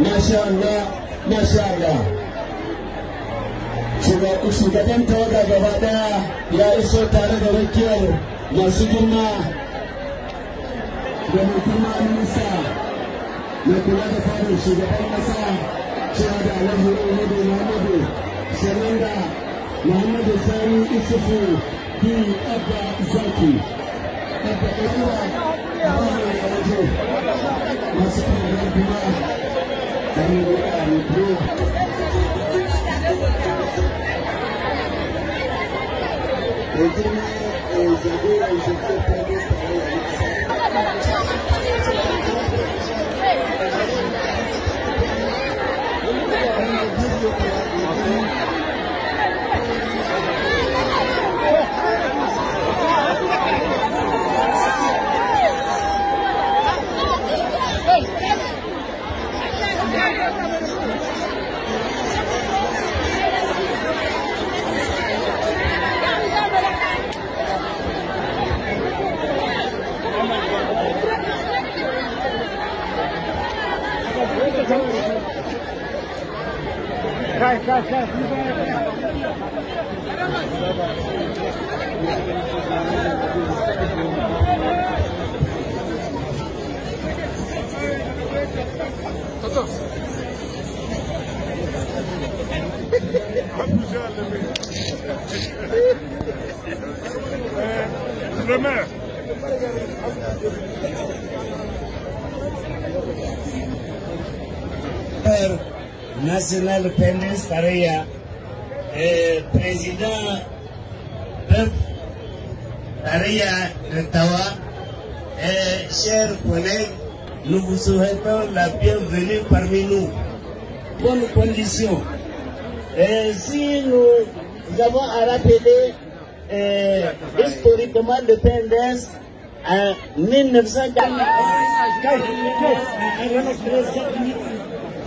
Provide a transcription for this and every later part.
masha Allah masha Allah shugaban tawaga gaba daya ya iso tare da rakiyar masu girma da kuma nisa ya kula da farin shugaban kasa cewa da alhaji muhammadu muhammadu sannan da muhammadu sani isufu bin abba zaki abba ɗaruwa a wajen masu kuma El Cai, cai, cai. Totó. Remember. national Pendis Pareya eh, président de Pareya de Tawa et eh, chers collègues, nous vous souhaitons la bienvenue parmi nous. Bonne condition. Et eh, si nous, avons à rappeler historiquement le Pendès en 1914,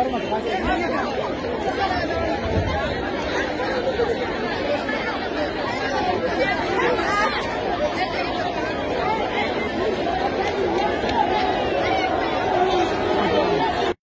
Alırma.